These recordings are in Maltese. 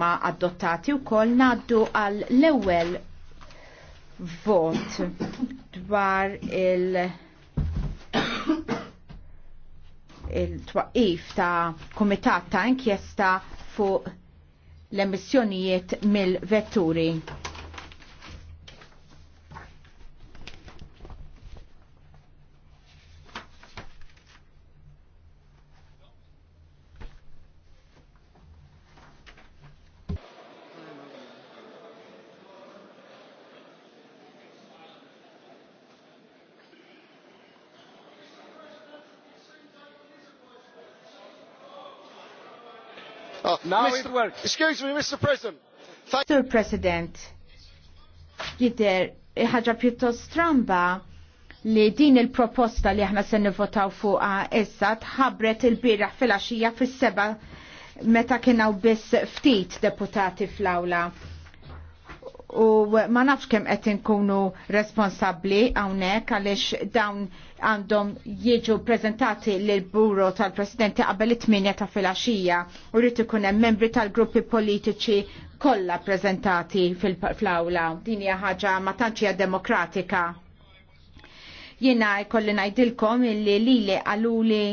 ma adottati u kol naddu għal l-ewel vot dwar il il-twaqif ta' komitat ta' inkjesta fuq l-emissjonijiet mill-vetturi. Now Mr. it works. Excuse me, Mr. President. Thank Mr. President, jider ħaġa pjuttost stramba li din il-proposta li aħna se nivvotaw fuqa issa tħabret il-biraħ fil axija fis-seba meta kienaw biss ftit deputati fl-awla u ma nafx kem qed inkunu responsabbli hawnhekk għaliex dawn għandhom jiġu prezentati l buro tal-Presidenti qabel it-tminja ta' filgħaxija u rrid ikun hemm membri tal-gruppi politiċi kollha preżentati fl-awla. Din hija ħaġa ma tantx hija demokratika. Jiena jkolli ngħidilkom illi lili għaluli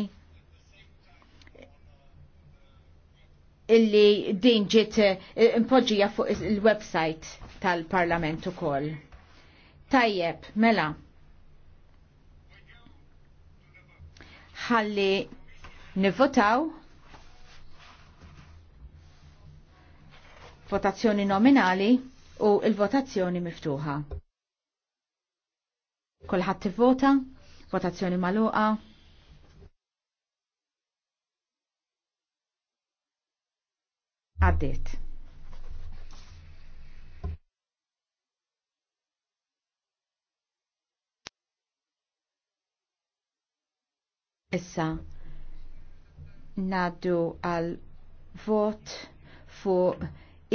illi din ġiet impoġġija fuq il-website tal-Parlament ukoll. Tajjeb, mela. Ħalli nivvotaw votazzjoni nominali u il-votazzjoni miftuħa. Kolħat tivvota, votazzjoni maluqa. Għaddit. Issa naddu għal vot fu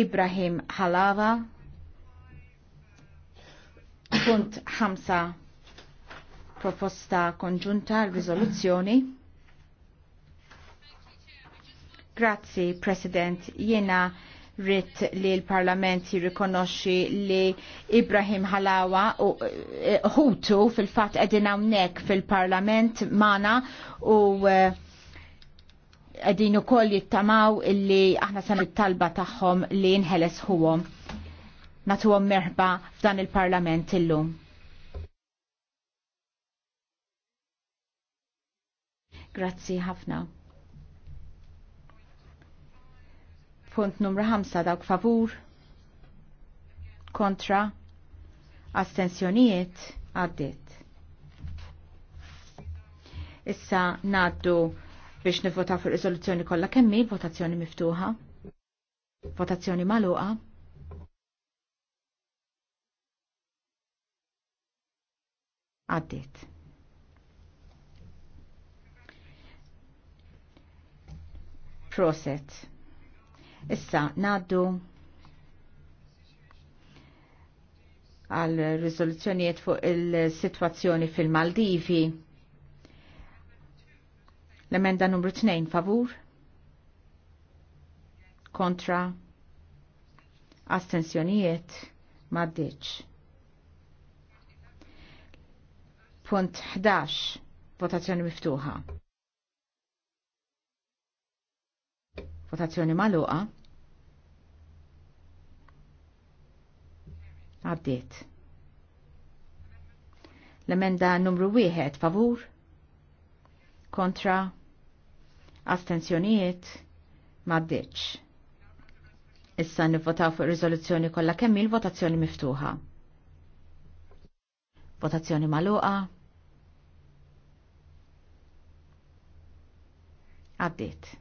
Ibrahim Halava punt ħamsa proposta konġunta risoluzzjoni. Grazie, President. Jena rrit li l-Parlament jirrikonoxxi li Ibrahim Halawa u eh, eh, Hutu fil-fatt qegħdin hawnhekk fil-Parlament mana u qegħdin eh, ukoll jittamaw illi aħna san it-talba tagħhom li nħeles Natu għom merħba f'dan il-Parlament illum. Grazzi ħafna. Punt numru 5 dawk favur kontra astensjonijiet għaddit. Issa naddu biex nivvota fuq riżoluzzjoni kollha kemm hi votazzjoni miftuħa. Votazzjoni magħluqa. Għaddit. Proset. Issa naddu għal riżoluzzjonijiet fuq il-sitwazzjoni fil-Maldivi. L-emenda numru 2 favur? Kontra? Astensjonijiet? Maddiċ. Punt 11. Votazzjoni miftuħa. Votazzjoni maluqa. Għaddiet. L-emenda numru 1 favur kontra astenzjonijiet maddiċ. Issa nivvotaw fuq riżoluzzjoni kollha kemm il-votazzjoni miftuħa. Votazzjoni magħluqa. Għaddiet.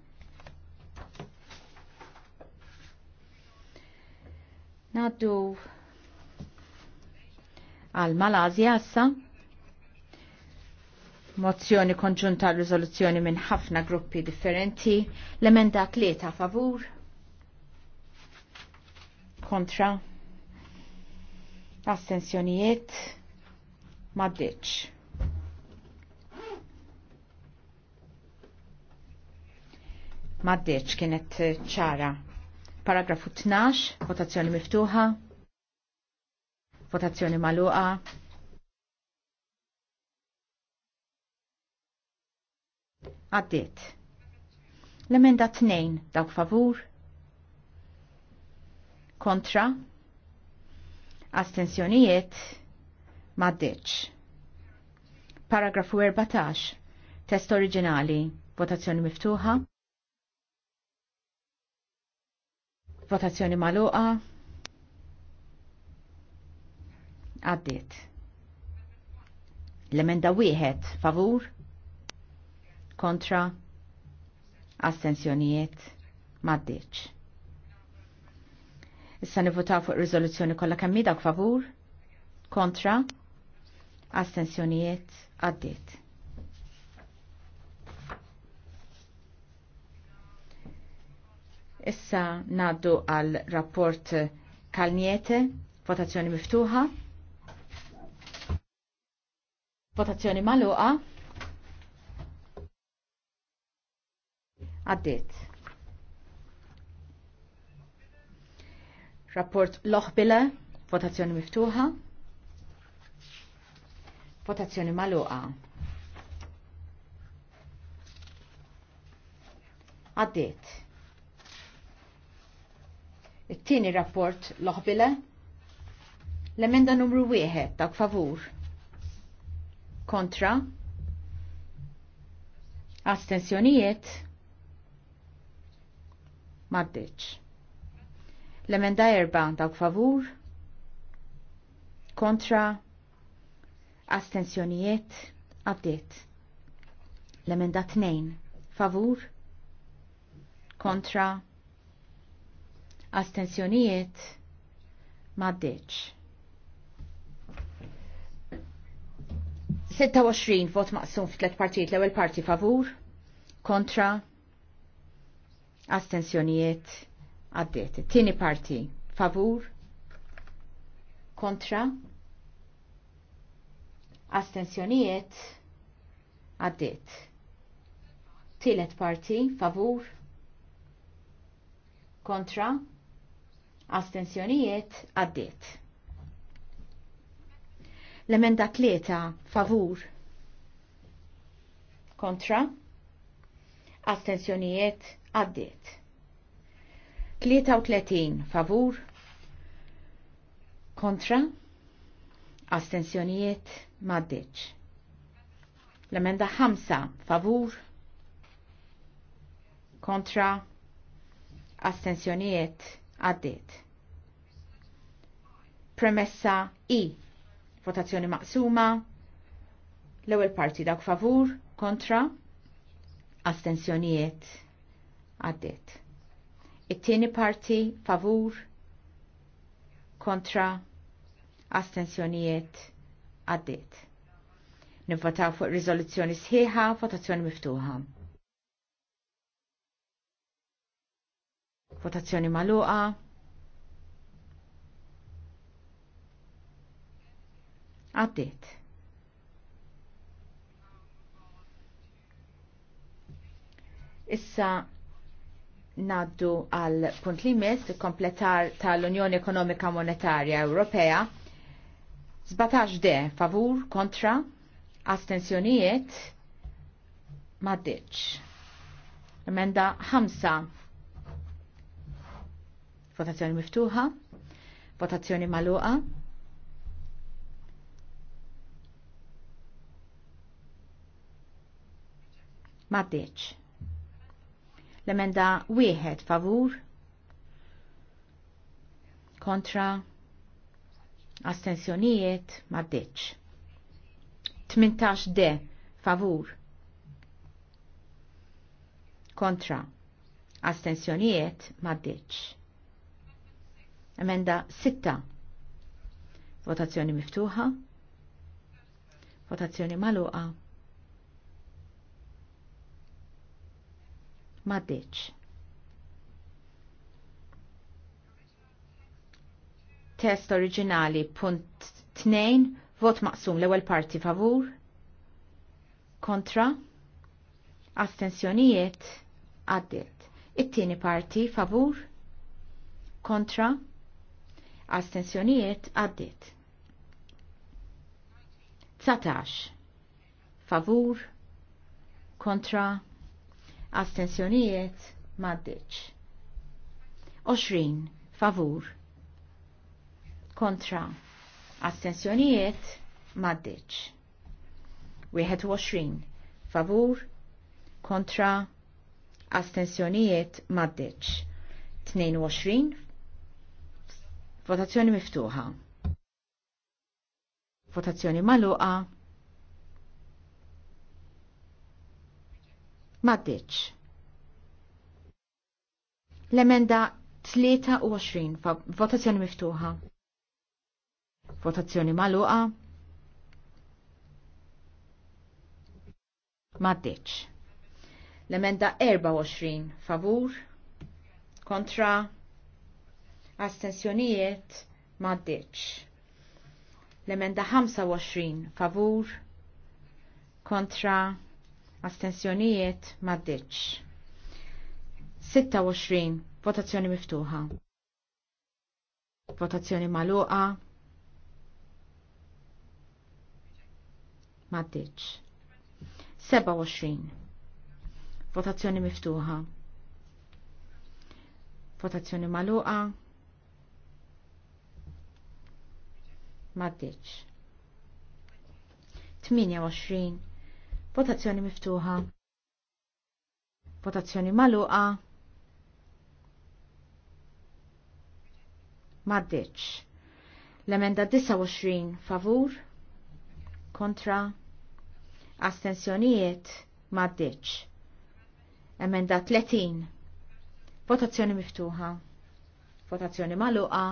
Naddu għal Malazja għassa. Mozzjoni konġunta riżoluzzjoni minn ħafna gruppi differenti. L-emenda tlieta favur. Kontra. Assenzjonijiet. Maddeċ. Maddeċ kienet ċara. Paragrafu 12, votazzjoni miftuħa. Votazzjoni maluqa. Għaddit. L-emenda 2 dawk favur. Kontra. Astensjonijiet. Maddeċ. Paragrafu 14. Test oriġinali. Votazzjoni miftuħa. Votazzjoni maluqa. Għaddit. L-emenda wieħed favur kontra Astenzjonijiet maddiċ. Issa nivvotaw fuq riżoluzzjoni kollha kemm dak favur kontra Astenzjonijiet Għaddit. Issa naddu għal rapport Kalniete, votazzjoni miftuħa. Votazzjoni maluqa. Għaddit. Rapport Loħbile, votazzjoni miftuħa. Votazzjoni maluqa. Għaddit. It-tieni rapport Loħbile. L-emenda numru wieħed dak favur kontra astensjonijiet maddeċ. L-emenda erba dawk favur kontra astensjonijiet għaddiet. L-emenda tnejn favur kontra astensjonijiet maddeċ 26 vot maqsum f'tlet partijiet l-ewwel parti favur, kontra, astensjonijiet, għaddiet. Tieni parti favur, kontra, astensjonijiet, għaddiet. Tielet parti favur, kontra, astensjonijiet, għaddiet. L-emenda tlieta favur kontra astensjonijiet għaddiet. 33 favur kontra astensjonijiet maddiċ. L-emenda 5 favur kontra astensjonijiet għaddiet. Premessa I Votazzjoni maqsuma. L-ewwel parti dak favur, kontra, astensjonijiet għaddiet. It-tieni parti favur, kontra, astensjonijiet għaddiet. Nivvotaw fuq riżoluzzjoni sħiħa, votazzjoni miftuħa. Votazzjoni maluqa. Għaddit. Issa naddu għal punt li mis kompletar tal-Unjoni Ekonomika Monetarja Ewropea 17 de favur kontra astensjonijiet maddiċ. Emenda 5 votazzjoni miftuħa, votazzjoni maluqa. Maddeċ. L-emenda wieħed favur kontra astensjonijiet maddeċ. 18 de favur kontra astensjonijiet maddeċ. Emenda 6 votazzjoni miftuħa votazzjoni maluqa ma deċ. Test oriġinali punt 2 vot maqsum l-ewwel parti favur kontra astensjonijiet għaddiet. It-tieni parti favur kontra astensjonijiet għaddiet. 19 favur kontra astensjonijiet maddeċ. 20 favur kontra astensjonijiet maddeċ. 21 favur kontra astensjonijiet maddeċ. 22 votazzjoni miftuħa. Votazzjoni maluqa Maddiċ. L-emenda 23 votazzjoni miftuħa. Votazzjoni maluqa. Maddiċ. L-emenda 24 favur kontra astensjonijiet maddiċ. L-emenda 25 favur kontra astensjonijiet maddiċ. 26. Votazzjoni miftuħa. Votazzjoni maluqa. Maddiċ. 27. Votazzjoni miftuħa. Votazzjoni maluqa. Maddiċ. 28 Votazzjoni miftuħa. Votazzjoni maluqa. Maddiċ. L-emenda 29 favur. Kontra. Astensjonijiet. Maddiċ. Emenda 30. Votazzjoni miftuħa. Votazzjoni maluqa.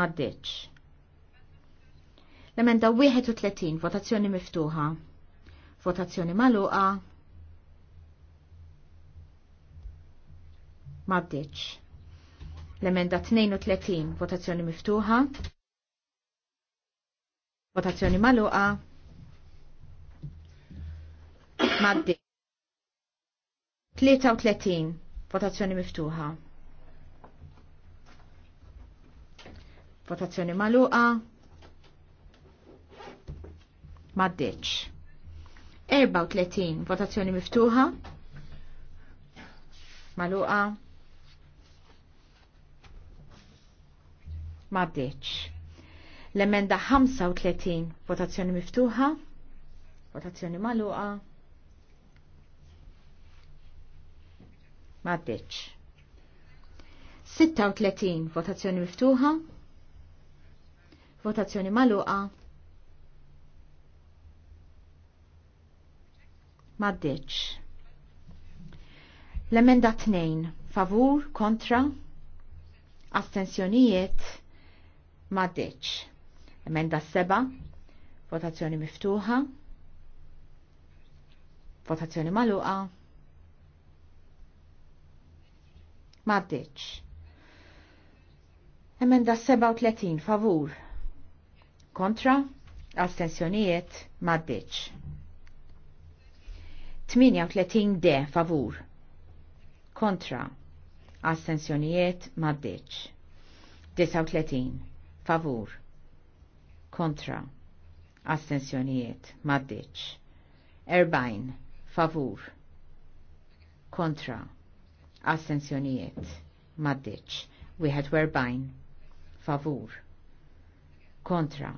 Maddiċ. L-emenda 31, votazzjoni miftuħa. Votazzjoni maluqa. Mabdiċ. L-emenda 32, votazzjoni miftuħa. Votazzjoni maluqa. Mabdiċ. 33. Votazzjoni miftuħa. Votazzjoni maluqa maddeċ. 34 votazzjoni miftuħa maluqa maddeċ. L-emenda 35 votazzjoni miftuħa votazzjoni maluqa maddeċ. 36 votazzjoni miftuħa votazzjoni maluqa maddeċ. L-emenda 2. Favur, kontra, astensjonijiet, maddeċ. Emenda 7. Votazzjoni miftuħa. Votazzjoni maluqa. Maddeċ. Emenda 37. Favur, kontra, astensjonijiet, maddeċ. 38 de favur. Kontra. Astensjonijiet maddeċ. 39 favur. Kontra. Astensjonijiet maddeċ. 40 favur. Kontra. Astensjonijiet maddeċ. 41 favur. Kontra.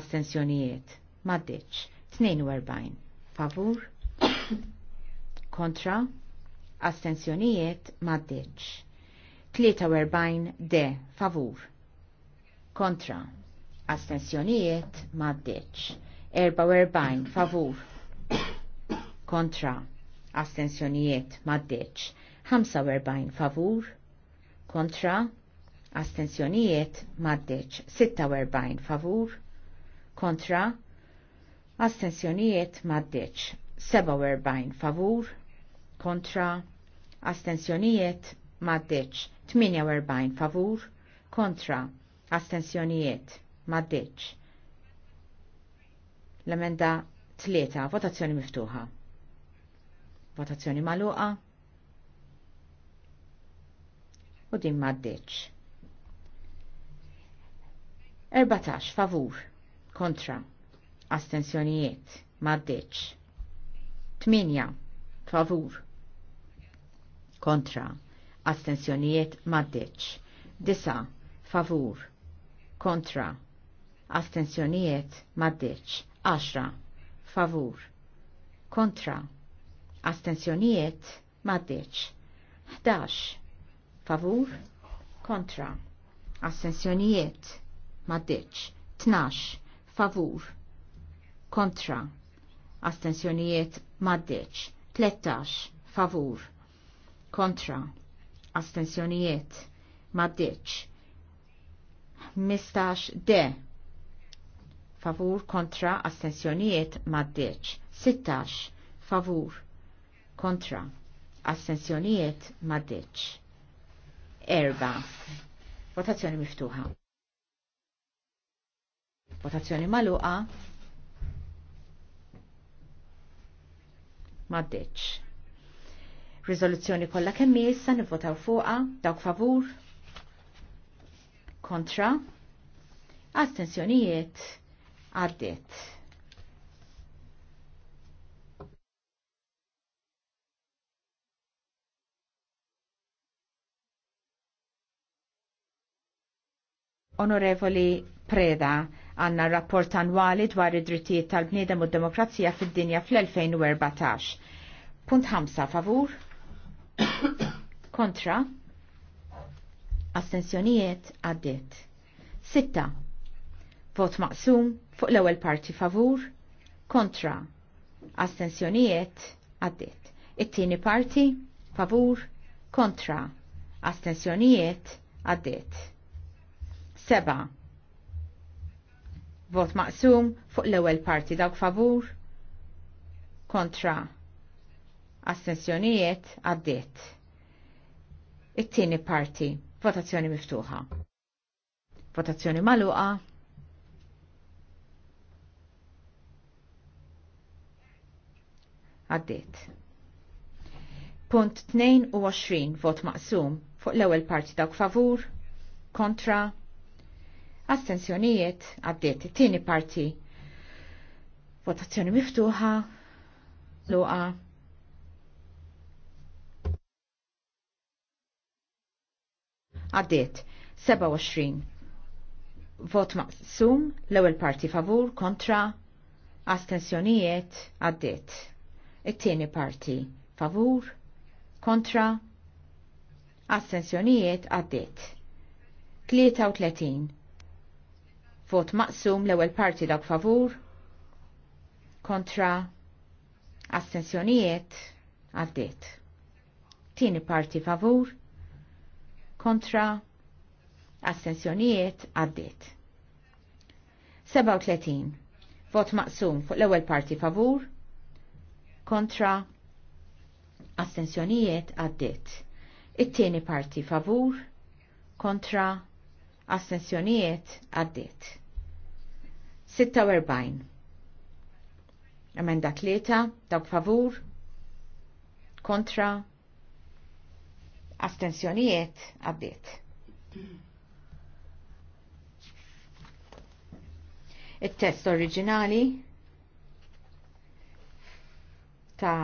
Astensjonijiet maddeċ. 42 favur kontra, astensjonijiet maddeċ. 43 de favur, kontra, astensjonijiet maddeċ. 44 favur, kontra, astensjonijiet maddeċ. 45 favur, kontra, astensjonijiet maddeċ 46 favur, kontra, astensjonijiet maddeċ 47 favur, kontra astensjonijiet maddeċ 48 favur kontra astensjonijiet maddeċ l-emenda 3 votazzjoni miftuħa votazzjoni maluqa u din maddeċ 14 favur kontra astensjonijiet maddeċ 8 favur kontra, astensjonijiet maddeċ, disa, favur, kontra, astensjonijiet maddeċ, aċra, favur, kontra, astensjonijiet maddeċ, 11, favur, kontra, astensjonijiet maddeċ, Tnax. favur, kontra, astensjonijiet maddeċ, 13, favur, kontra, astensjonijiet, maddiċ. Mistax de, favur kontra, astensjonijiet, maddiċ. sittax, favur, kontra, astensjonijiet, maddiċ. Erba, votazzjoni miftuħa. Votazzjoni maluqa, maddiċ. Rizoluzzjoni kollha kemm issa nivvotaw fuqha dawk favur kontra astensjonijiet għaddiet. Onorevoli Preda, għanna rapport annwali dwar id-drittijiet tal-bniedem u d-demokrazija fid-dinja fl-2014. Punt 5 favur kontra astensjonijiet għaddiet. Sitta. Vot maqsum fuq l-ewwel parti favur kontra astensjonijiet għaddiet. It-tieni parti favur kontra astensjonijiet għaddiet. Seba. Vot maqsum fuq l-ewwel parti dawk favur kontra assenzjonijiet għaddiet. It-tieni parti. Votazzjoni miftuħa. Votazzjoni maluqa. Għaddiet. Punt 22 vot maqsum fuq l-ewwel parti dawk favur, kontra, astensjonijiet għaddiet. It-tieni parti. Votazzjoni miftuħa. Luqa. Għaddiet. 27. Vot maqsum, l-ewwel parti favur, kontra, astensjonijiet, għaddiet. It-tieni parti favur, kontra, astensjonijiet, għaddiet. 33. Vot maqsum, l-ewwel parti dak favur, kontra, astensjonijiet, għaddiet. Tieni parti favur, kontra astensjonijiet għaddit. 37. Vot maqsum fuq l-ewwel parti favur kontra astensjonijiet għaddit. It-tieni parti favur kontra astensjonijiet għaddit. 46. Emenda tlieta dawk favur kontra astensjonijiet għabiet. Il-test oriġinali ta'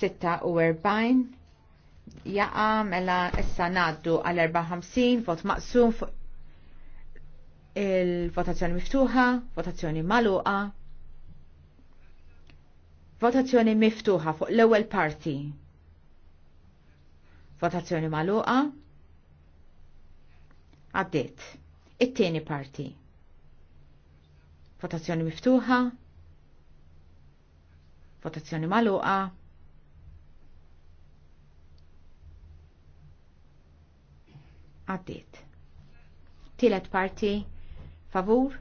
46 jaqa mela issa naddu għal 54 vot maqsum fuq il-votazzjoni miftuħa, votazzjoni maluqa, votazzjoni miftuħa fuq l-ewwel parti. Votazzjoni maluqa. Għaddit. It-tieni parti. Votazzjoni miftuħa. Votazzjoni maluqa. Għaddit. Tielet parti. Favur.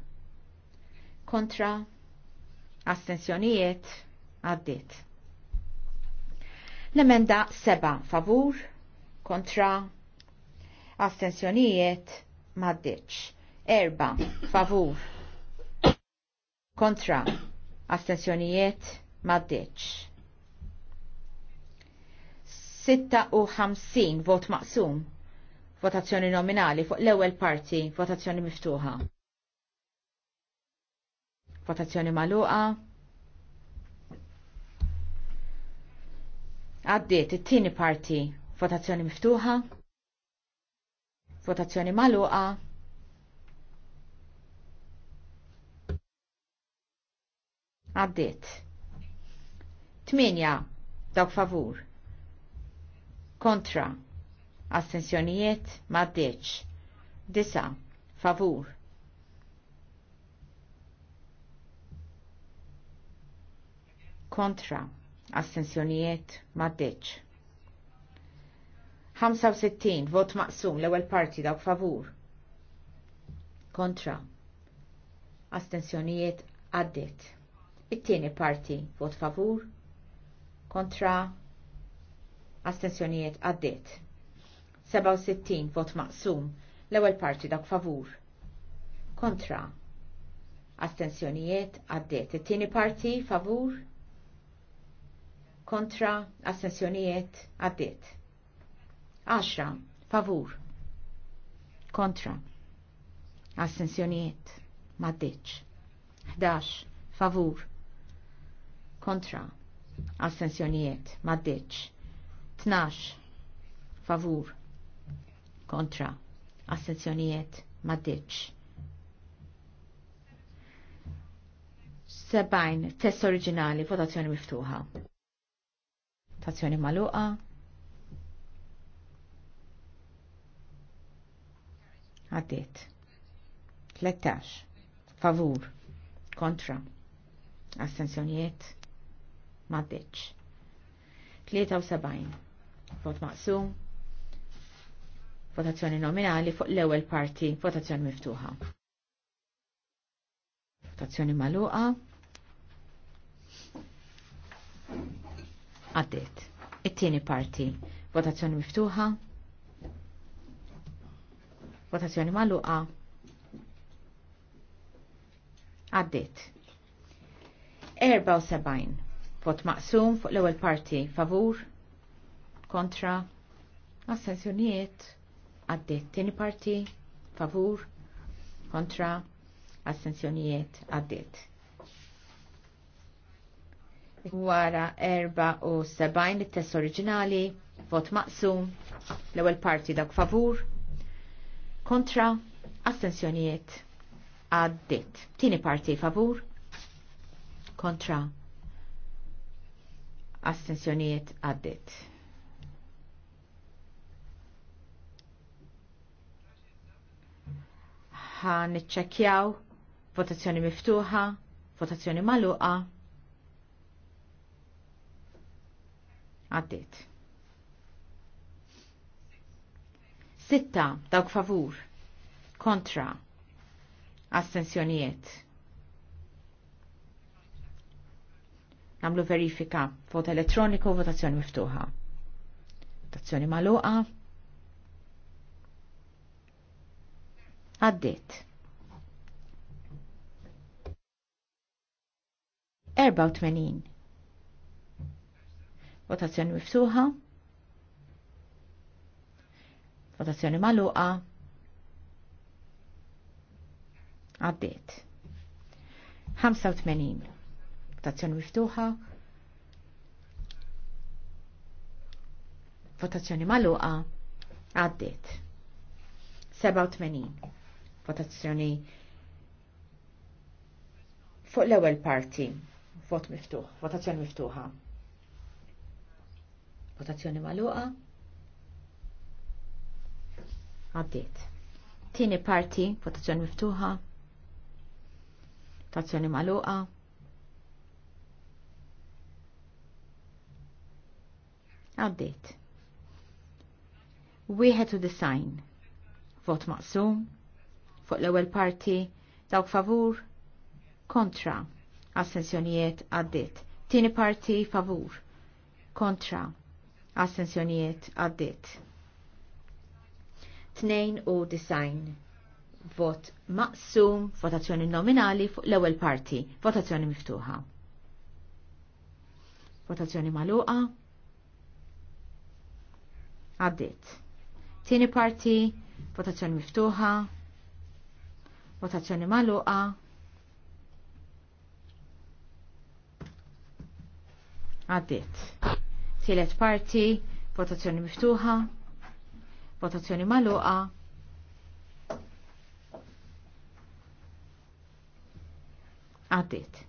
Kontra. Astensjonijiet. Għaddit. L-emenda seba' favur kontra astensjonijiet maddiċ. Erba, favur, kontra, astensjonijiet maddiċ. 56 vot maqsum, votazzjoni nominali fuq l-ewel parti, votazzjoni miftuħa. Votazzjoni maluqa. Għaddiet it-tieni parti, Votazzjoni miftuħa. Votazzjoni maluqa. Għaddit. Tminja, dawk favur. Kontra. Astensjonijiet maddeċ. Disa. Favur. Kontra. Astensjonijiet maddeċ. 65 vot maqsum l-ewwel parti dawk favur. Kontra. Astensjonijiet għaddit. It-tieni parti vot favur. Kontra. Astensjonijiet għaddit. 67 vot maqsum l-ewwel parti dawk favur. Kontra. Astensjonijiet għaddit. It-tieni parti favur. Kontra. Astensjonijiet għaddiet. 10 favur kontra assenzjonijiet maddeċ. 11 favur kontra assenzjonijiet maddeċ. 12 favur kontra assenzjonijiet maddeċ. 70 test oriġinali votazzjoni miftuħa. Votazzjoni maluqa. għaddiet. 13. Favur. Kontra. Astensjonijiet. Maddiċ. 73. Vot maqsum. Votazzjoni nominali fuq l-ewwel parti. Votazzjoni miftuħa. Votazzjoni maluqa. Għaddiet. It-tieni parti. Votazzjoni miftuħa. Votazzjoni maluqa. Għaddit. 74. Vot maqsum fuq l-ewwel parti favur, kontra, assenzjonijiet, għaddit. Tieni parti favur, kontra, assenzjonijiet, għaddit wara 74 it-test oriġinali, vot maqsum, l-ewwel parti dak favur, kontra astensjonijiet għaddit. Tini parti favur kontra astensjonijiet għaddit. Ħan niċċekjaw votazzjoni miftuħa, votazzjoni maluqa. Għaddit. Sitta dawk favur. Kontra. Astensjonijiet. Namlu verifika. Vot elettroniku, votazzjoni miftuħa. Votazzjoni maluqa. Għaddit. 84. Votazzjoni miftuħa. Votazzjoni maluqa. Għaddiet. 85. Votazzjoni miftuħa. Votazzjoni maluqa. Għaddiet. 87. Votazzjoni fuq l-ewwel parti. Vot miftuħ. Votazzjoni miftuħa. Votazzjoni maluqa. Għaddiet. Tieni parti, votazzjoni miftuħa. Votazzjoni maluqa. Għaddiet. Wieħed u design. Vot maqsum. Fuq l-ewwel parti, dawk favur, kontra. Assenzjonijiet għaddiet. Tieni parti favur, kontra. Assenzjonijiet għaddiet. 92 vot maqsum, votazzjoni nominali fuq l-ewwel parti, votazzjoni miftuħa. Votazzjoni maluqa. Għaddit. Tieni parti, votazzjoni miftuħa. Votazzjoni maluqa. Għaddit. Tielet parti, votazzjoni miftuħa. Votazzjoni maluqa. Għaddit.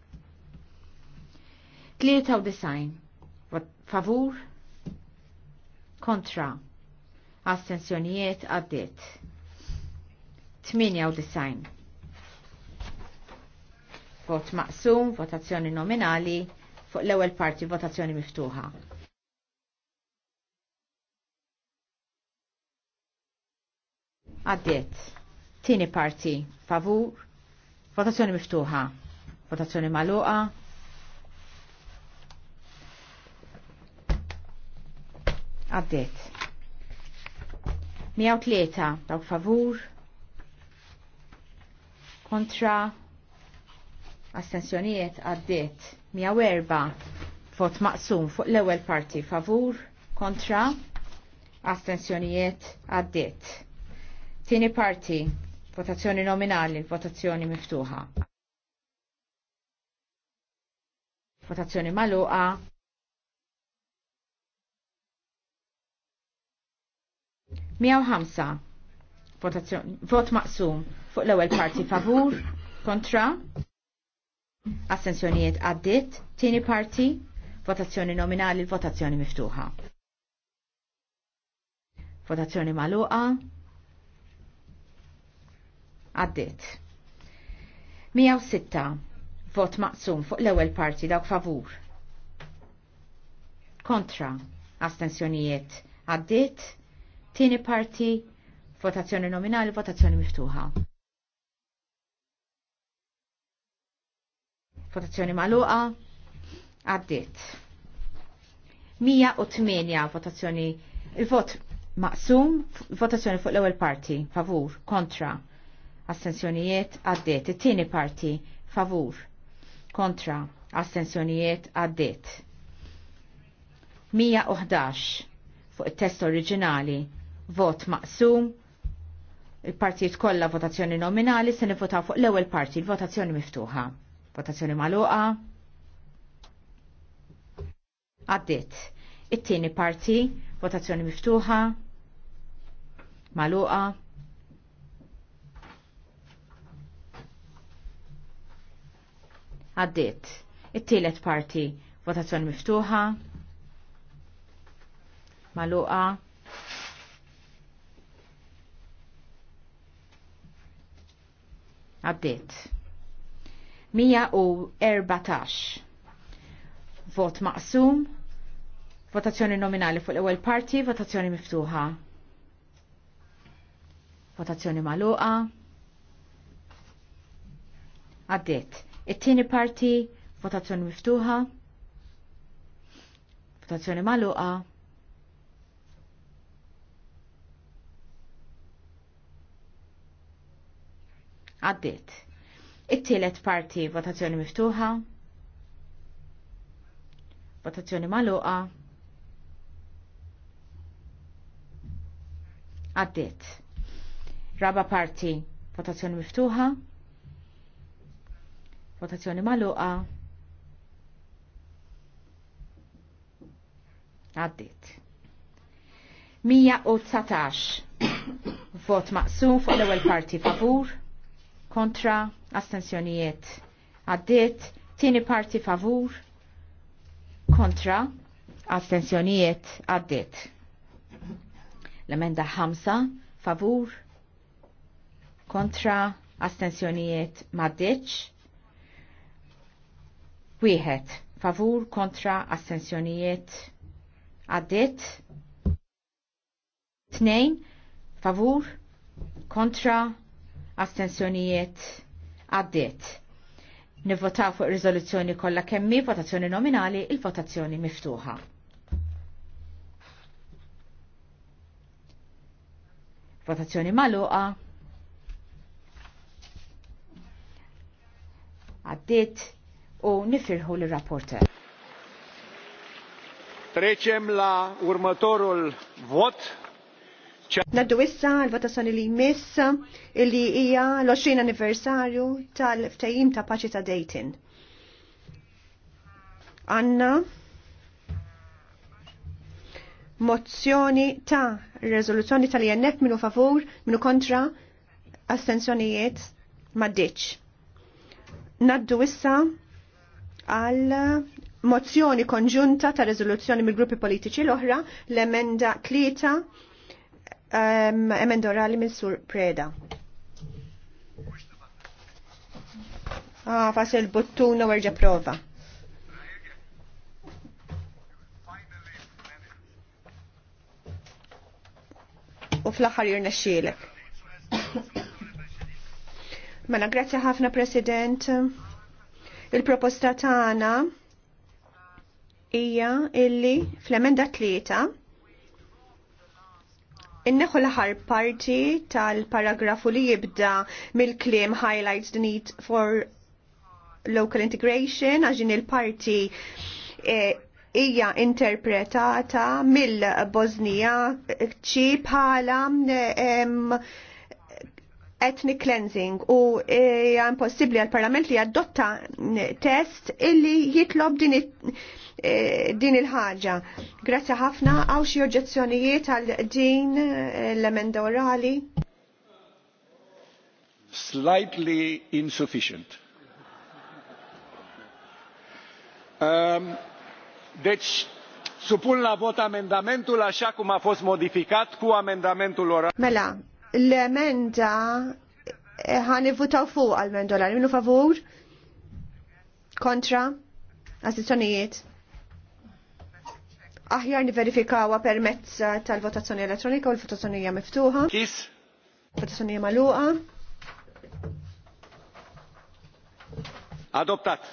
93. Favur. Kontra. Astenzjonijiet għaddit. 98. Vot maqsum, votazzjoni nominali, fuq l-ewwel parti votazzjoni miftuħa. Għaddiet. Tieni parti. Favur. Votazzjoni miftuħa. Votazzjoni maluqa. Għaddiet. 103 dawk favur. Kontra. Astensjonijiet għaddiet 104 vot maqsum fuq l-ewwel parti favur kontra astensjonijiet għaddiet. Tieni parti, votazzjoni nominali, votazzjoni miftuħa. Votazzjoni maluqa. Mijaw ħamsa, vot maqsum fuq l-ewwel parti favur, kontra, assenzjonijiet għaddit, tieni parti, votazzjoni nominali, votazzjoni miftuħa. Votazzjoni maluqa. Għaddit. 106. Vot maqsum fuq l-ewwel parti dawk favur. Kontra. Astensjonijiet. Għaddit. Tieni parti. Votazzjoni nominali, votazzjoni miftuħa. Votazzjoni maluqa. Għaddit. 108 votazzjoni il-vot maqsum, votazzjoni fuq l-ewwel parti, favur, kontra, Astensjonijiet għaddiet. It-tieni parti favur. Kontra. Astensjonijiet għaddiet. 111 fuq it-test oriġinali. Vot maqsum. Il-partijiet kollha votazzjoni nominali se nivvotaw fuq l-ewwel parti, il-votazzjoni miftuħa. Votazzjoni magħluqa. Għaddiet. It-tieni parti, votazzjoni miftuħa. Magħluqa. għaddit. It-tielet parti votazzjoni miftuħa, maluqa, għaddit. 114 vot maqsum, votazzjoni nominali fuq l-ewwel parti, votazzjoni miftuħa. Votazzjoni maluqa. Għaddit. It-tieni parti votazzjoni miftuħa, votazzjoni maluqa. Għaddit. It-tielet parti votazzjoni miftuħa, votazzjoni maluqa. Għaddit. Raba parti votazzjoni miftuħa, Votazzjoni maluqa. Għaddit. 119. Vot maqsum fuq l-ewwel parti favur, kontra, astensjonijiet. Għaddit. Tieni parti favur, kontra, astensjonijiet. Għaddit. L-emenda 5 favur, kontra, astensjonijiet Maddit. Wieħed, favur kontra assenzjonijiet għaddit. Tnejn, favur kontra astensjonijiet għaddit. Nivvotaw fuq riżoluzzjoni kollha kemmi votazzjoni nominali il-votazzjoni miftuħa. Votazzjoni maluqa. Għaddit u nifirħu l-rapporter. Preċem la urmatorul vot. Naddu issa l-votazzjoni li jmissa illi hija l-20 anniversarju tal-ftajim ta' paċi ta' Dayton. Anna mozzjoni ta' rezoluzzjoni tal-INF minu favur, minu kontra astensjonijiet maddiċ. Naddu issa għal mozzjoni konġunta ta' rezoluzzjoni mill-gruppi politiċi l-oħra l-emenda tlieta um, emenda orali mill Sur Preda. Ah, fas il-buttuna werġa prova. U fl-aħħar xielek. mela, grazzi ħafna President. Il-proposta tagħna hija illi fl-emenda tlieta Inneħu l-ħar parti tal-paragrafu li jibda mill-klim highlights the need for local integration għaxin il-parti eh, hija e, interpretata mill bosnia ċi bħala ethnic cleansing u e, hija impossibbli għal parlament li jadotta test illi jitlob din e, din il-ħaġa. Grazzi ħafna għaw xi oġġezzjonijiet għal din e, l-emenda orali. Slightly insufficient. Um, deċ, supun la vota amendamentu așa cum a fost modifikat cu amendamentul orali. Mela, l-emenda eh, ħan votaw fuq għal l-għal. Minu favur? Kontra? Assizzjonijiet? Aħjar niverifikawa permezz tal-votazzjoni elettronika u l-votazzjonija miftuħa. Kis? Votazzjoni maluqa. Adoptat.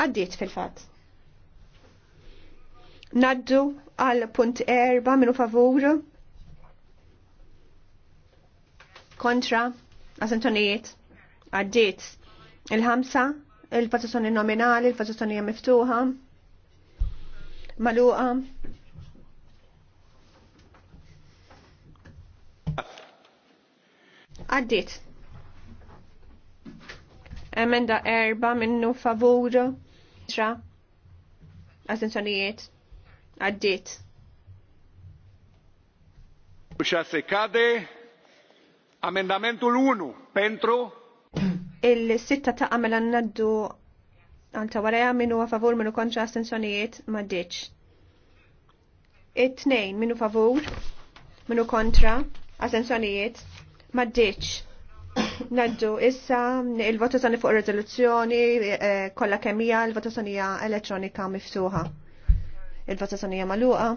Għaddit fil-fat. Naddu għal punt erba' minu favur kontra, assentonijiet, għaddiet. Il-ħamsa, il fazzasoni nominali, il-votazzjoni miftuħa, maluqa. Għaddiet. Emenda erba minnu favuru? tra, assentonijiet, għaddiet. Uxa se kade, l 1 pentru il-sitta ta' għamela naddu għalta waraja minu għafavur minu kontra astensjonijiet ma' ditx. It-tnejn minu favur minu kontra astensjonijiet ma' ditx. Naddu issa il-votazzjoni fuq rezoluzzjoni eh, kolla kemija il-votazzjonija elettronika miftuħa. Il-votazzjonija maluqa.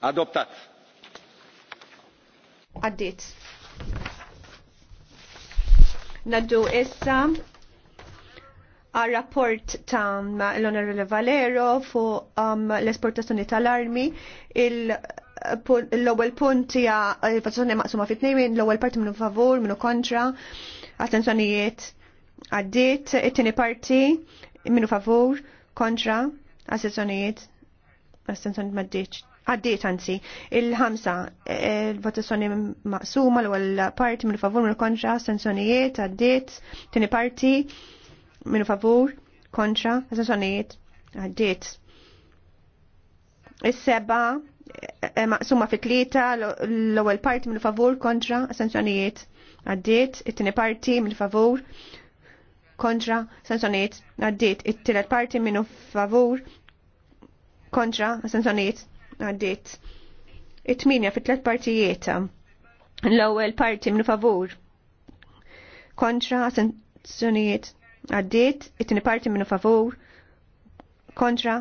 Adoptat. Għaddit. Naddu issa għal rapport ta' l-Onorevole Valero fu um, l-esportazzjoni tal-armi l-ewwel punt hija fazzjoni maqsuma fit nejmin l-ewwel parti minnu favur, minnu kontra, attenzjonijiet għaddit it-tieni parti minnu favur, kontra, attenzjonijiet, attenzjonijiet ma' għaddiet anzi il-ħamsa il-votazzjoni maqsuma l-ewwel parti minn favur minn kontra astensjonijiet għaddiet tieni parti minn favur kontra sanzjonijiet għaddiet. Is-seba eh, maqsuma fi tlieta l-ewwel parti minn favur kontra sanzjonijiet għaddiet, it-tieni parti minn favur kontra sanzjonijiet għaddiet, it tini parti minn favur kontra astensjonijiet għaddit. It-tminja fit tlet partijiet. L-ewwel parti minn favur. Kontra astenzjonijiet għaddit. It-tieni parti minn favur. Kontra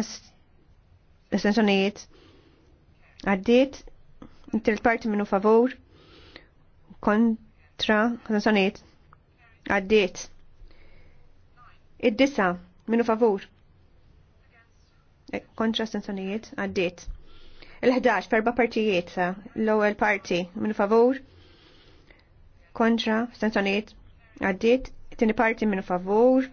astenzjonijiet għaddit. It-tieni parti minn favur. Kontra astenzjonijiet għaddit. Id-disa minn favur kontra astensjonijiet għaddit. Il-11 ferba partijiet l-ewwel parti minn favur kontra astensjonijiet għaddit, it-tieni parti minn favur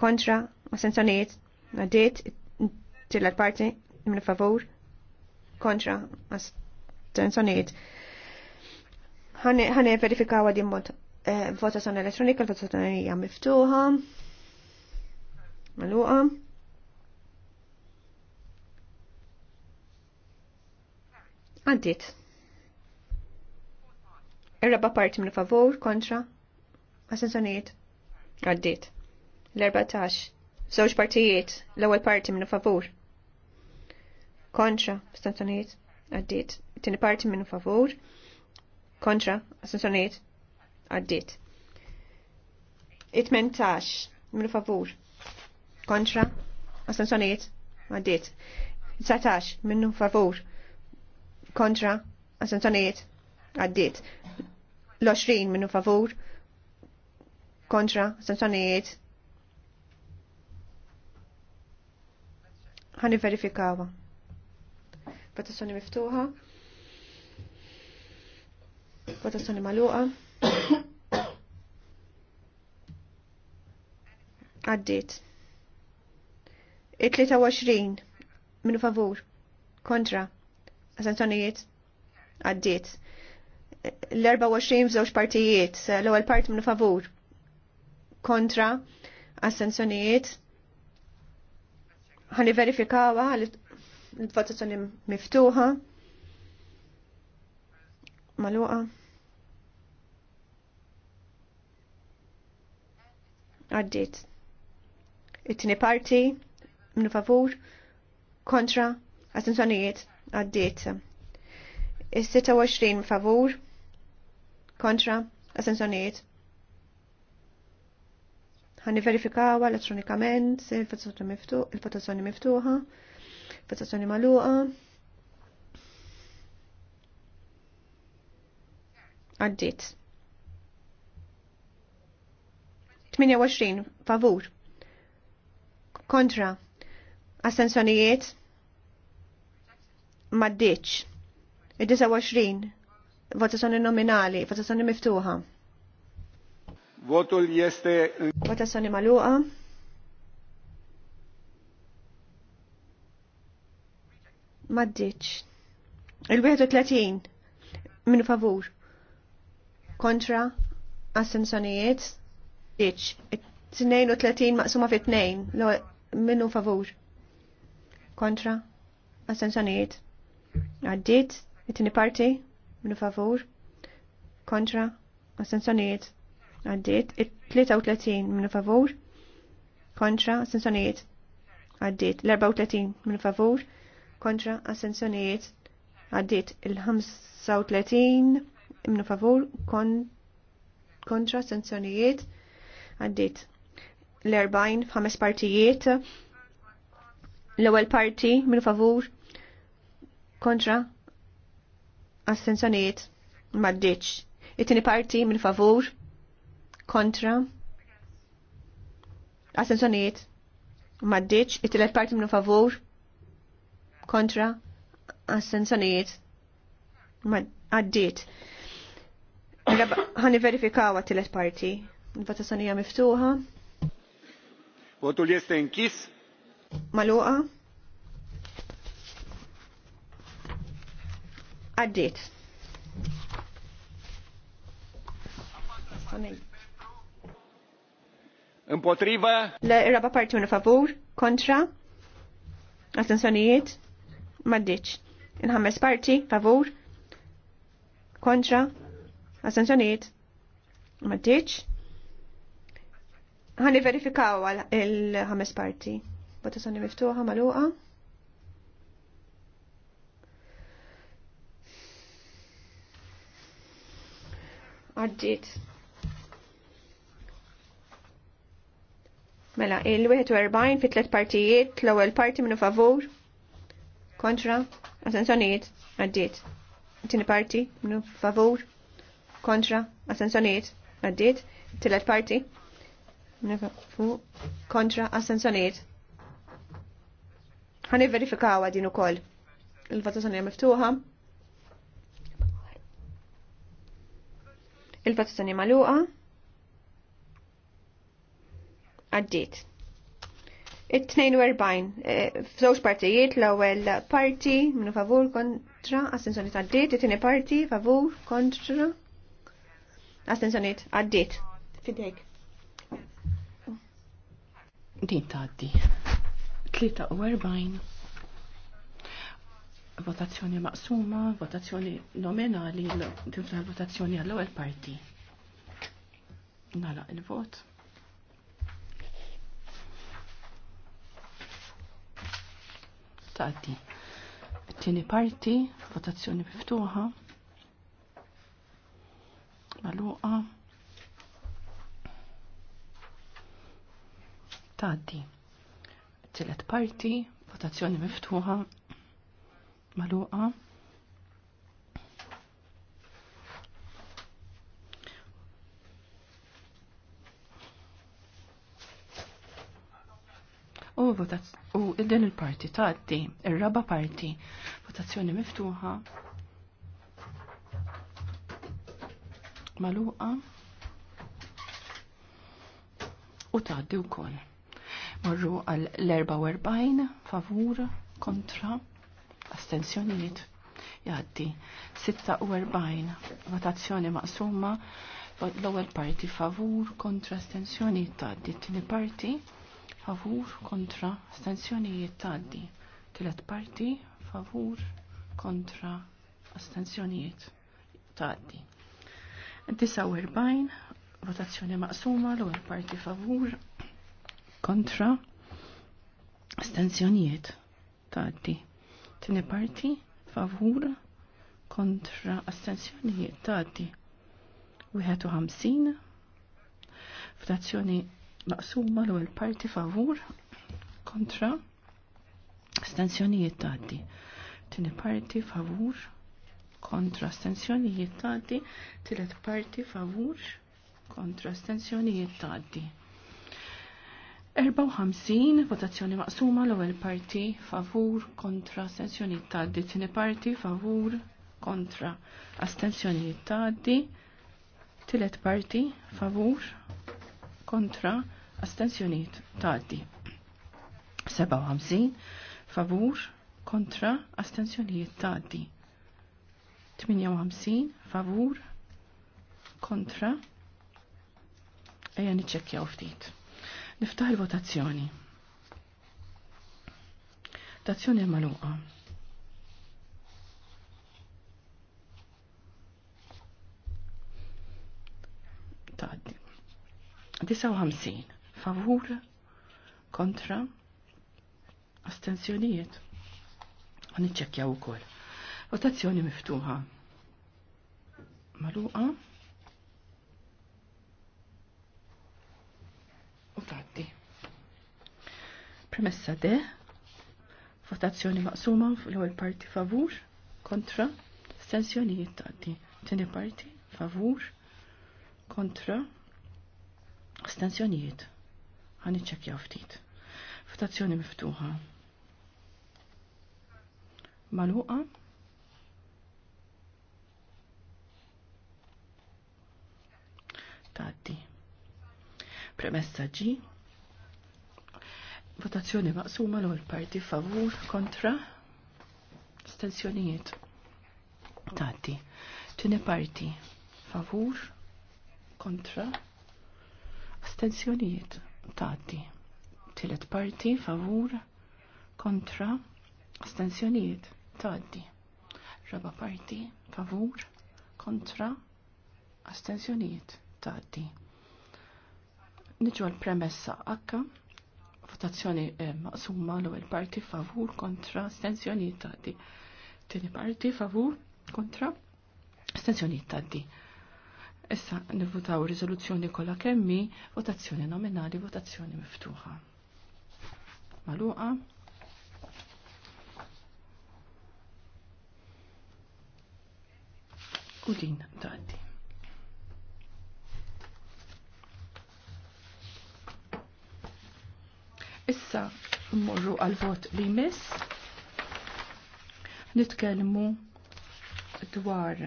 kontra astensjonijiet għaddit, it-tielet parti minn favur kontra astensjonijiet. Ħane verifikaw għadim mod eh, votazzjoni elettronika, l-votazzjoni hija miftuħa, magħluqa. Għaddit. Erba parti minn favor, kontra assenzjonijiet. Għaddit. L-14. Żewġ partijiet, l-ewwel parti minn favur. Kontra assenzjonijiet. Għaddit. Tini parti minn favur kontra assenzjonijiet. Għaddit. Itmentax minn favur kontra assenzjonijiet. Għaddit. 19 minnu favur kontra, assenzjonijiet, għaddit. L-20 minnu favur, kontra, assenzjonijiet. Għani verifikawa. Votazzjoni miftuħa. Votazzjoni maluqa. Għaddit. I-23 minnu favur, kontra, Astenzjonijiet għaddiet. L-24 f'żewġ partijiet, l-ewwel part minn favur kontra astenzjonijiet. Ħani verifikawa l-votazzjoni miftuħa. Maluqa. Għaddit. It-tini parti, minn favur, kontra, assenzjonijiet għaddiet. Is-26 favur kontra assenzjonijiet. Ħani verifikawa elettronikament il-votazzjoni miftuħa, votazzjoni magħluqa. Għaddiet. 28 favur kontra assenzjonijiet maddiċ. Id-29, votazzjoni nominali, votazzjoni miftuħa. Votul jeste... Votazzjoni maluqa. Maddiċ. Il-31, minn favur. Kontra, assenzjonijiet, diċ. 32 maqsuma fit 2, minnu favur. Kontra, assenzjonijiet Għaddit, it-tini parti, minu favur, kontra, assenzjonijiet, għaddit, it-33 minu favur, kontra, assenzjonijiet, għaddit, l-34 minu favur, kontra, assenzjonijiet, għaddit, il-35 minu favur, kon, kontra, assenzjonijiet, għaddit, l-40 f'ħames partijiet, l-ewwel parti minu favur, kontra assenzjonijiet maddiċ. It-tieni parti minn favur kontra assenzjonijiet maddiċ. it tini parti minn favur kontra assenzjonijiet maddiċ. Għani mela, verifikaw għat-tielet parti. Il-votazzjonija miftuħa. li jeste inkis. Maluqa. Għaddit. Impotriva. L-raba partijuna favur, kontra, astensjonijiet, maddiċ. Inħammes parti, favur, kontra, astensjonijiet, maddiċ. Għani verifikaw għal il-ħames parti. sani miftuħa maluqa. għaddit. Mela, il-41 fi tlet partijiet, l-ewwel parti minnu favur, kontra, assenzjonijiet, għaddiet. Tini parti minnu favur, kontra, assenzjonijiet, għaddiet. Tillet parti minnu favur, kontra, assenzjonijiet. Għani verifikaw din ukoll. Il-votazzjoni miftuħa. Il-votazzjoni maluqa. Għaddit. It-42 eh, f'żewġ partijiet l-ewwel parti minnu favur kontra astensjoni għaddit, it-tieni parti favur kontra astensjoni għaddit. Fidejk. Din tgħaddi. 43 votazzjoni maqsuma, votazzjoni nominali, tifna votazzjoni għall-ewwel parti. Nala il-vot. Tati. Tieni parti, votazzjoni miftuħa. Maluqa. Tati. Tilet parti, votazzjoni miftuħa maluqa. U u id din il-parti tgħaddi, ir-raba parti, votazzjoni miftuħa. Maluqa. U tgħaddi wkoll. Marru għal l-44 favur kontra astensjonijiet jgħaddi 46 votazzjoni maqsuma l-ewwel parti favur kontra astensjonijiet tgħaddi tieni parti favur kontra astensjonijiet tgħaddi tielet parti favur kontra astensjonijiet tgħaddi 49 votazzjoni maqsuma l-ewwel parti favur kontra astensjonijiet tgħaddi Tini parti, favur, kontra astensjonijiet tati. ħamsin? Votazzjoni maqsuma l-ewwel parti favur, kontra astensjonijiet jittati Tini parti favur, kontra astensjonijiet jittati tini parti favur, kontra astensjonijiet jittati 54 votazzjoni maqsuma l-ewwel parti favur kontra astensjonijiet tgħaddi, tieni parti favur kontra astensjonijiet tgħaddi, tielet parti favur kontra astensjonijiet tgħaddi. 57 favur kontra astensjonijiet tgħaddi. 58 favur kontra ejja niċċekkjaw ftit. Niftaħ il-votazzjoni. Votazzjoni maluqa. Taddi. 59. Favur kontra astenzjonijiet. Għan iċċekjaw ukoll. Votazzjoni miftuħa. Maluqa. u tgħaddi. Premessa de, Votazzjoni maqsuma fl-ewwel parti favur, kontra, stensjonijiet tgħaddi. Tieni parti favur, kontra, stensjonijiet. Ħan iċċekkjaw ftit. Votazzjoni miftuħa. Maluqa. Premessa G. Votazzjoni maqsuma l ewwel parti favur kontra stenzjonijiet. Tati. Tini parti favur kontra stenzjonijiet. Tati. Tilet parti favur kontra stenzjonijiet. Tati. Raba parti favur kontra astenzjonijiet. Tati. Niġu għal-premessa akka votazzjoni eh, maqsumma l ewwel parti favur kontra stenzjoni taddi. Tieni parti favur kontra stenzjoni taddi. Issa nivvutaw riżoluzzjoni kollha kemmi votazzjoni nominali, votazzjoni miftuħa. Maluqa. U din taddi. Issa mmorru għal vot li jmiss Nitkellmu dwar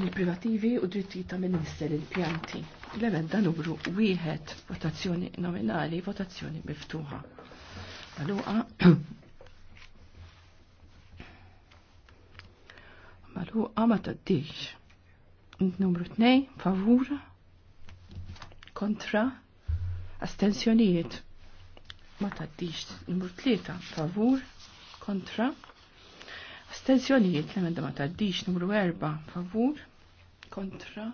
il-privativi u dritti ta' minister il-pjanti. L-emenda numru wieħed votazzjoni nominali, votazzjoni miftuħa. Maluqa Maluqa ma taddix. Numru 2, favur, kontra, astensjonijiet ma taddix numru tlieta favur kontra astensjonijiet l-emenda ma taddix numru erba' favur kontra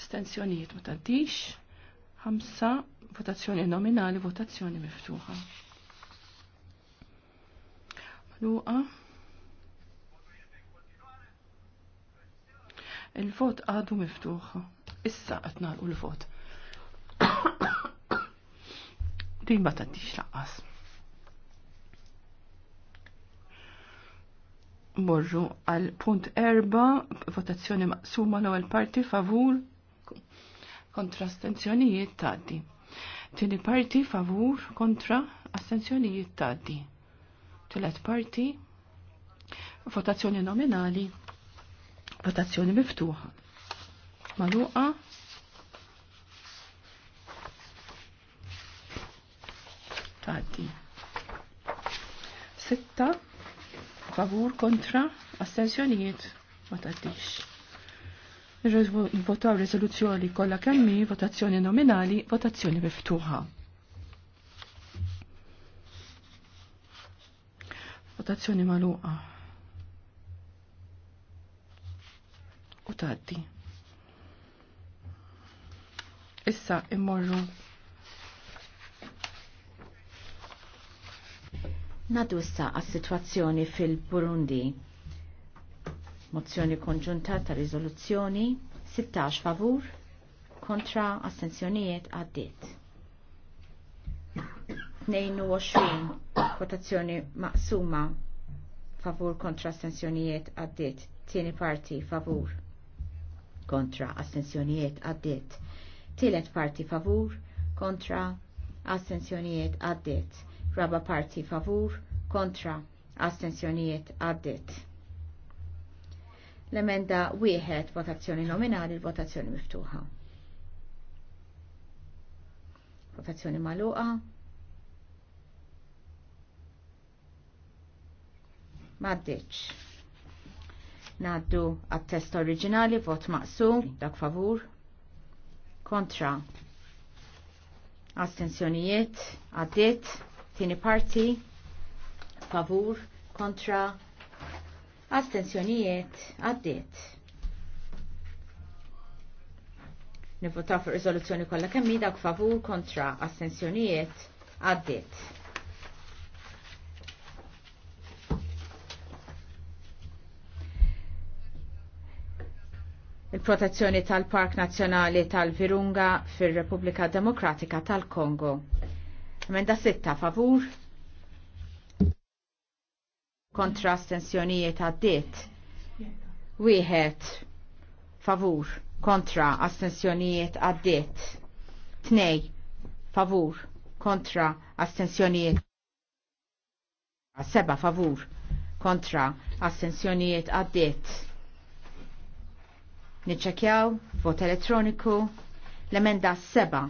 astensjonijiet ma taddix ħamsa votazzjoni nominali votazzjoni miftuħa Luqa. il-vot għadu miftuħ issa qed nagħlqu l-vot koppi ma taddix laqas. Morru għal punt erba, votazzjoni maqsuma l ewwel parti favur kontra astenzjonijiet taddi. Tieni parti favur kontra astenzjonijiet taddi. Tilet parti votazzjoni nominali, votazzjoni miftuħa. Maluqa tgħaddi. Sitta favur kontra astensjonijiet ma tgħaddix. Votaw rezoluzzjoni kollha kemmi votazzjoni nominali, votazzjoni miftuħa. Votazzjoni maluqa. U tgħaddi. Issa immorru Nadu issa għas-sitwazzjoni fil-Burundi. Mozzjoni konġunta ta' riżoluzzjoni 16 favur kontra assenzjonijiet għaddit. 22 votazzjoni maqsuma favur kontra assenzjonijiet għaddit. Tieni parti favur kontra assenzjonijiet għaddit. Tielet parti favur kontra assenzjonijiet għaddit raba parti favur kontra astensjonijiet għaddit. L-emenda wieħed votazzjoni nominali l-votazzjoni miftuħa. Votazzjoni maluqa. Maddiċ. Naddu għat-test oriġinali, vot maqsum, dak favur. Kontra. Astensjonijiet, għaddit. Tieni parti favur kontra astenzjonijiet għaddiet. Nivvotaw fuq riżoluzzjoni kollha kemm dak favur kontra astenzjonijiet għaddiet. il-protezzjoni tal-Park Nazzjonali tal-Virunga fir-Repubblika Demokratika tal-Kongo. Emenda sitta, favur. Kontra astensjonijiet għaddiet. Wieħed favur. Kontra astensjonijiet għaddiet. Tnej favur. Kontra astensjonijiet. Seba favur. Kontra astensjonijiet għaddiet. Niċċekjaw, vot elettroniku, l-emenda seba.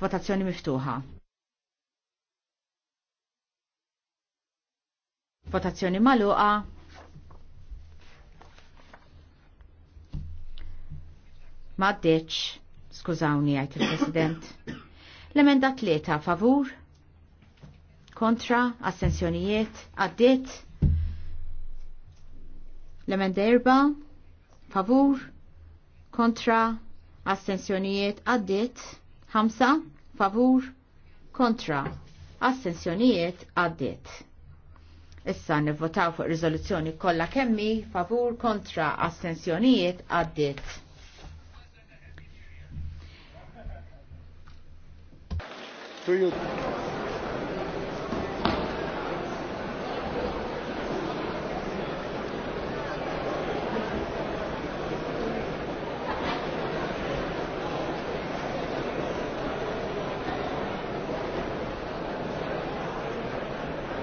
votazzjoni miftuħa. Votazzjoni maluqa. Maddeċ, skużawni għajt il-President. L-emenda tlieta favur, kontra, assenzjonijiet, għaddit. L-emenda erba, favur, kontra, assenzjonijiet, għaddit. Hamsa, favur, kontra, assenzjonijiet, għaddit. Issa nivvotaw fuq rizoluzzjoni kollha kemmi favur kontra astensjonijiet għaddiet. To you.